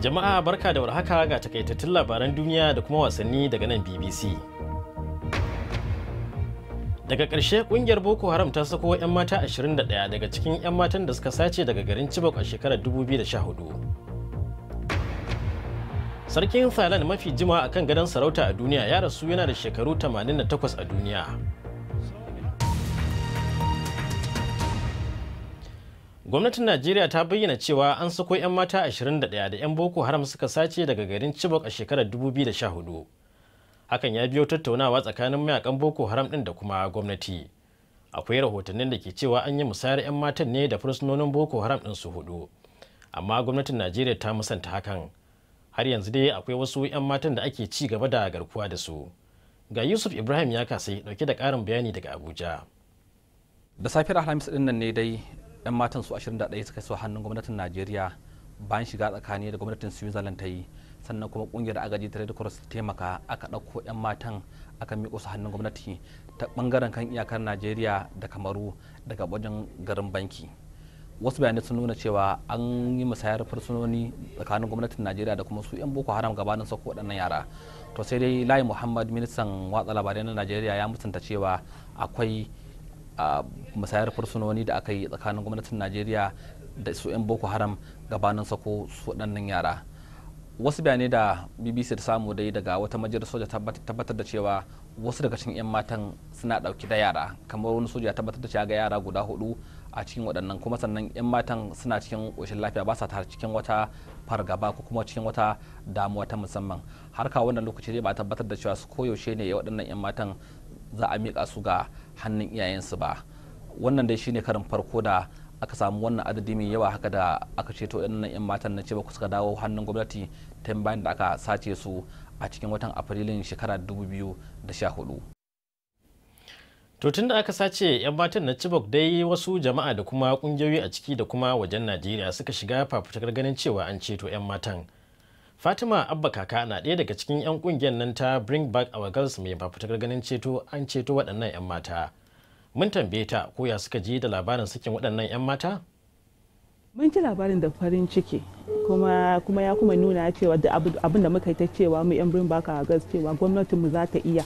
Jama'a barka da warhaka ga takaitattun labaran duniya da kuma wasanni daga nan BBC. Daga ƙarshe ƙungiyar Boko Haram ta sako 'yan mata 21 daga cikin 'yan matan da suka sace daga garin Chibok a shekarar 2014. Sarkin Thailand mafi jima a kan gadon sarauta a duniya ya rasu yana da shekaru 88 a duniya. gwamnatin najeriya ta bayyana cewa an sako 'yan mata 21 da 'yan boko haram suka sace daga garin chibok a shekarar 2014 hakan ya biyo tattaunawa tsakanin mayakan boko haram ɗin da kuma gwamnati akwai rahotannin da ke cewa an yi musayar 'yan matan ne da fursunonin boko haram ɗin su hudu amma gwamnatin najeriya ta musanta hakan har yanzu dai akwai wasu 'yan matan da ake ci gaba da garkuwa da su ga yusuf ibrahim ya kasai dauke da karin bayani daga abuja da safiyar alhamis din nan ne dai 'yan matan su 21 suka so hannun gwamnatin najeriya bayan shiga tsakani da gwamnatin switzerland ta yi sannan kuma kungiyar agaji ta red cross taimaka aka ɗauko 'yan matan aka miƙo su hannun gwamnati ta bangaren kan iyakar najeriya da kamaru daga wajen garin banki wasu bayanai sun nuna cewa an yi musayar fursunoni tsakanin gwamnatin najeriya da kuma su 'yan boko haram gabanin sako waɗannan yara to sai dai layi muhammad ministan watsa labarai na najeriya ya musanta cewa akwai a musayar fursunoni da aka yi tsakanin gwamnatin najeriya da su 'yan boko haram gabanin sako su waɗannan yara wasu bayanai da bbc ta samu dai daga wata majalisar soja tabbatar da cewa wasu daga cikin 'yan matan suna ɗauki da yara kamar wani soja tabbatar da cewa ga yara guda hudu a cikin waɗannan kuma sannan 'yan matan suna cikin ƙoshin lafiya ba sa ta cikin wata fargaba ko kuma cikin wata damuwa ta musamman har kawo wannan lokaci dai ba tabbatar da cewa su koyaushe ne waɗannan 'yan matan za a miƙa su ga hannun iyayensu ba wannan dai shine karin farko da aka samu wannan adadi mai yawa haka da aka ceto waɗannan 'yan matan na cewa suka dawo hannun gwamnati ta bayan da aka sace su a cikin watan afrilun shekara 2014 to tun da aka sace 'yan matan na chibok dai wasu jama'a da kuma kungiyoyi a ciki da kuma wajen najeriya suka shiga fafutukar ganin cewa an ceto 'yan matan Fatima Abba Kaka na ɗaya daga cikin 'yan ƙungiyar nan ta Bring Back Our Girls mai fafutukar ganin ceto an ceto waɗannan 'yan mata. Mun tambaye ta ko ya suka ji da labarin sakin waɗannan 'yan mata? Mun ji labarin da farin ciki kuma kuma ya kuma nuna cewa da abin da muka yi ta cewa mu 'yan Bring Back Our Girls cewa gwamnatinmu za ta iya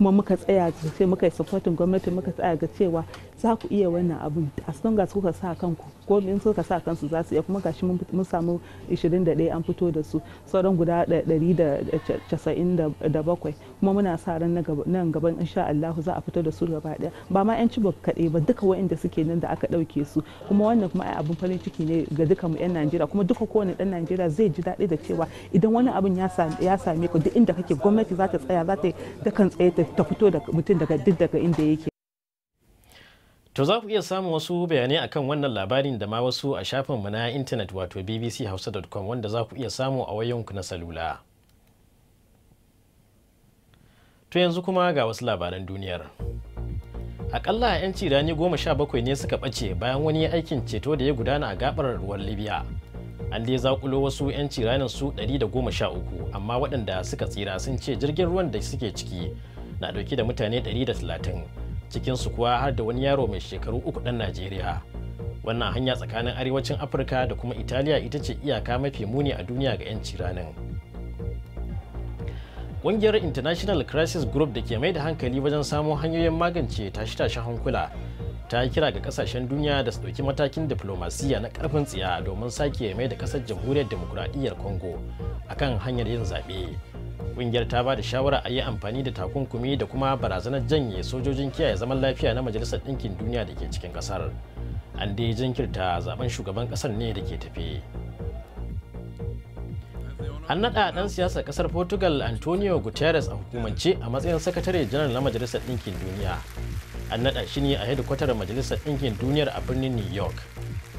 kuma muka tsaya sai muka yi supporting gwamnati muka tsaya ga cewa za ku iya wannan abin as long as kuka sa kanku ko in suka sa kansu za su iya kuma gashi mun samu 21 an fito da su sauran guda 197 kuma muna sa ran nan gaban insha Allah za a fito da su gaba daya ba ma yanci ba kaɗai ba duka wanda suke nan da aka dauke su kuma wannan kuma ai abin farin ciki ne ga duka mu yan Najeriya kuma duka kowane ɗan Najeriya zai ji daɗi da cewa idan wani abin ya same ku duk inda kake gwamnati za ta tsaya za ta kan tsaye ta ta fito mutum daga duk daga inda yake To za ku iya samun wasu bayanai akan wannan labarin da ma wasu a shafin mu na intanet wato bbchausa.com wanda za ku iya samu a wayanku na salula. To yanzu kuma ga wasu labaran duniyar. Akalla 'yan cirani goma sha bakwai ne suka ɓace bayan wani aikin ceto da ya gudana a gabar ruwan Libya. An dai zakulo wasu 'yan ciranin su 113 amma waɗanda suka tsira sun ce jirgin ruwan da suke ciki na dauke da mutane 130 su kuwa har da wani yaro mai shekaru uku dan najeriya wannan hanya tsakanin arewacin afirka da kuma italiya ita ce iyaka mafi muni a duniya ga 'yanci ranar ƙungiyar international crisis group da ke mai da hankali wajen samo hanyoyin magance tashi tashen hankula ta kira ga kasashen duniya da su ɗauki matakin diflomasiyya na karfin tsiya domin sake mai da ƙasar jamhuriyar demokuraɗiyyar congo akan hanyar yin zaɓe kungiyar ta ba da shawara a yi amfani da takunkumi da kuma barazanar janye sojojin kiyaye zaman lafiya na majalisar ɗinkin duniya da ke cikin ƙasar an dai jinkirta zaben shugaban ƙasar ne da ke tafe an naɗa ɗan siyasar ƙasar portugal antonio guterres a hukumance a matsayin sakatare janar na majalisar ɗinkin duniya an naɗa shi ne a hedikwatar majalisar ɗinkin duniyar a birnin new york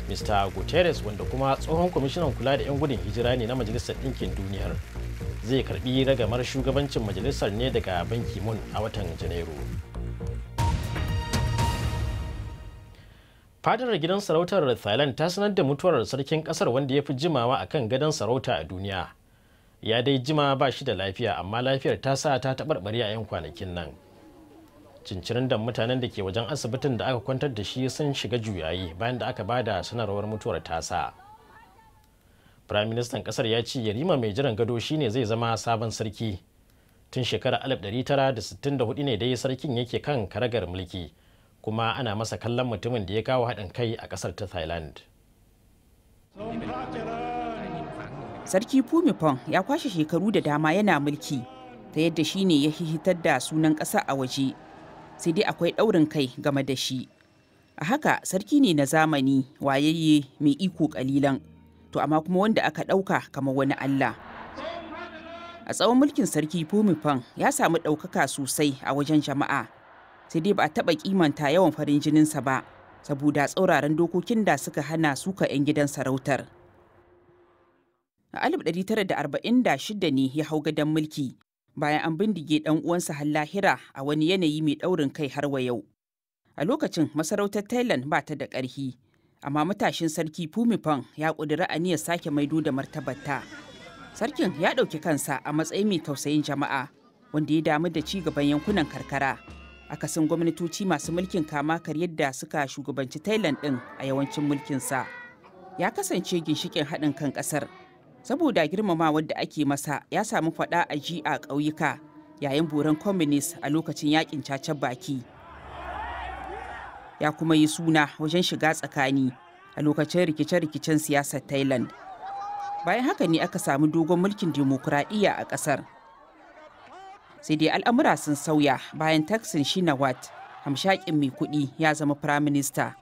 mr guterres wanda kuma tsohon kwamishinan kula da 'yan gudun hijira ne na majalisar ɗinkin duniyar zai karbi ragamar shugabancin majalisar ne daga banki mun a watan janairu fadar gidan sarautar thailand ta sanar da mutuwar sarkin kasar wanda ya fi jimawa a kan gadon sarauta a duniya ya dai jima ba shi da lafiya amma lafiyar ta sa ta taɓarɓari a 'yan kwanakin nan cincirin da mutanen da ke wajen asibitin da aka kwantar da shi sun shiga juyayi bayan da aka bada sanarwar mutuwar tasa firaministan kasar ya ce yarima mai jiran gado shine zai zama sabon sarki tun shekarar 1964 ne dai sarkin yake kan karagar mulki kuma ana masa kallon mutumin da ya kawo haɗin kai a ƙasar ta thailand sarki pumipon ya kwashe shekaru da dama yana mulki ta yadda shi ne ya hihitar da sunan ƙasa a waje sai dai akwai ɗaurin kai game da shi a haka sarki ne na zamani wayayye mai iko ƙalilan to amma kuma wanda aka ɗauka kamar wani Allah. A tsawon mulkin sarki Fumifan ya samu ɗaukaka sosai a wajen jama'a, sai dai ba a taɓa kimanta yawan farin jininsa ba, saboda tsauraran dokokin da suka hana suka 'yan gidan sarautar. A 1946 ne ya hau gadon mulki bayan an bindige ɗan uwansa Hallahira a wani yanayi mai ɗaurin kai har wa yau. A lokacin masarautar Thailand ba ta da ƙarfi. amma matashin sarki Fumifan ya ƙudiri aniyar sake maido da martabarta. Sarkin ya ɗauki kansa a matsayin mai tausayin jama'a wanda ya damu da ci gaban yankunan karkara. Akasin gwamnatoci masu mulkin kama karyar da suka shugabanci Thailand ɗin a yawancin mulkinsa. Ya kasance ginshikin haɗin kan ƙasar. Saboda girmama da ake masa ya samu faɗa a ji a ƙauyuka yayin boran communist a lokacin yakin cacen baki. ya kuma yi suna wajen shiga tsakani a lokacin rikice-rikicen siyasar thailand bayan haka ne aka samu dogon mulkin demokuraɗiyya a ƙasar sai dai al'amura sun sauya bayan taksin shinawat hamshakin mai kuɗi ya zama firaminista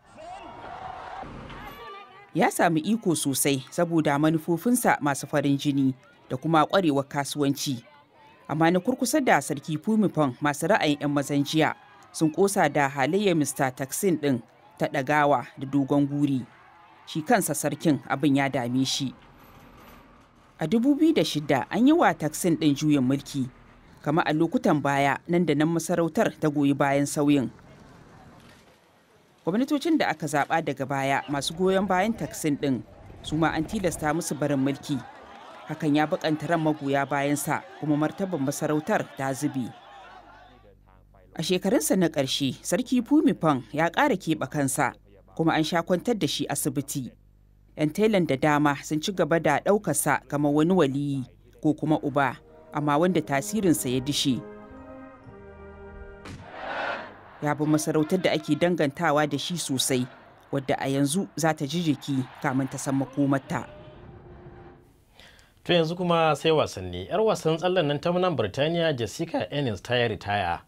ya samu iko sosai saboda manufofinsa masu farin jini da kuma ƙwarewar kasuwanci amma na kurkusa da sarki fumifon masu ra'ayin 'yan mazan jiya sun kosa da halayyar mr taksin ɗin ta ɗagawa da dogon guri shi kansa sarkin abin ya dame shi a 2006 an yi wa taksin ɗin juyin mulki kama a lokutan baya nan da nan masarautar ta goyi bayan sauyin gwamnatocin da aka zaɓa daga baya masu goyon bayan taksin ɗin su ma an tilasta musu barin mulki hakan ya bakanta ran magoya bayansa kuma martabar masarautar ta zubi A shekarunsa na ƙarshe, Sarki Fumifang ya ƙara keɓe kansa, kuma an sha kwantar da shi asibiti. 'Yan Thailand da dama sun ci gaba da ɗaukarsa kamar wani waliyi ko kuma uba, amma wanda tasirinsa ya dishe. Ya bi masarautar da ake dangantawa da shi sosai, wadda a yanzu za ta ji jiki kamin ta san makomarta. To yanzu kuma sai wasanni. 'Yar wasan tsallan nan ta burtaniya Birtaniya Jessica Ennis ta yi ritaya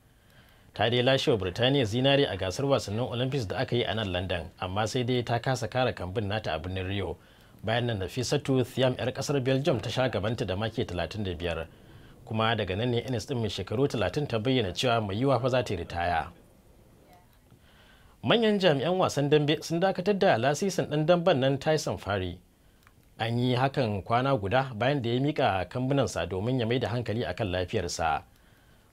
ta dai lashe wa birtaniya zinari a gasar wasannin olympics da aka yi a nan london amma sai dai ta kasa kara kambin nata a birnin rio bayan nan nafisatu thiam yar kasar belgium ta sha gabanta da maki 35 kuma daga nan ne ines din mai shekaru 30 ta bayyana cewa mai yiwa fa za ta ritaya manyan jami'an wasan dambe sun dakatar da lasisin dan damben nan tyson fari an yi hakan kwana guda bayan da ya mika kambunansa domin ya mai da hankali akan lafiyarsa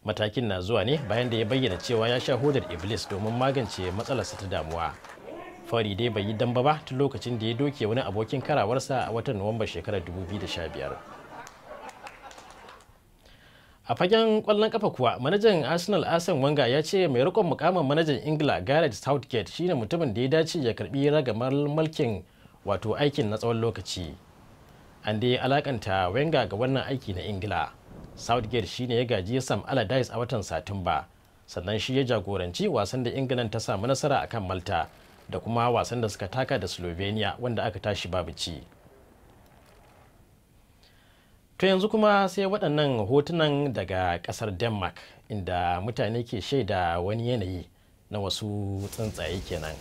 matakin na zuwa ne bayan da ya bayyana cewa ya sha hodar iblis domin magance matsalarsa ta damuwa fari dai bai yi damba ba tun lokacin da ya doke wani abokin karawarsa a watan nuwamba shekarar 2015 a fagen kwallon kafa kuwa manajan arsenal asan wanga ya ce mai rikon mukamin manajan ingila gareth southgate shine mutumin da ya dace ya karbi ragamar mulkin wato aikin na tsawon lokaci an dai alakanta wenga ga wannan aiki na ingila southgate shine ya gaji ya sam allardyce a watan satumba sannan shi ya jagoranci wasan da england ta samu nasara kan malta da kuma wasan da suka taka da slovenia wanda aka tashi babu ci to yanzu kuma sai waɗannan hotunan daga ƙasar denmark inda mutane ke shaida wani yanayi na wasu tsuntsaye kenan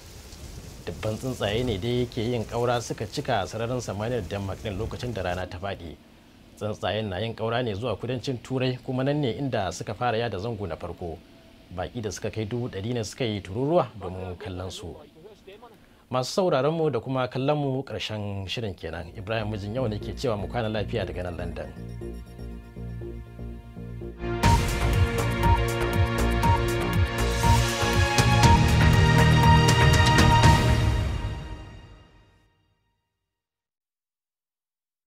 dubban tsuntsaye ne dai ke yin ƙaura suka cika sararin samaniyar denmark ɗin lokacin da rana ta faɗi tsuntsayen na yin kaura ne zuwa kudancin turai kuma nan ne inda suka fara yada zango na farko baki da suka kai dubu ɗari ne suka yi tururuwa domin kallon su masu sauraron mu da kuma kallon mu ƙarshen shirin kenan ibrahim mijin yau ne ke cewa mu kwana lafiya daga nan london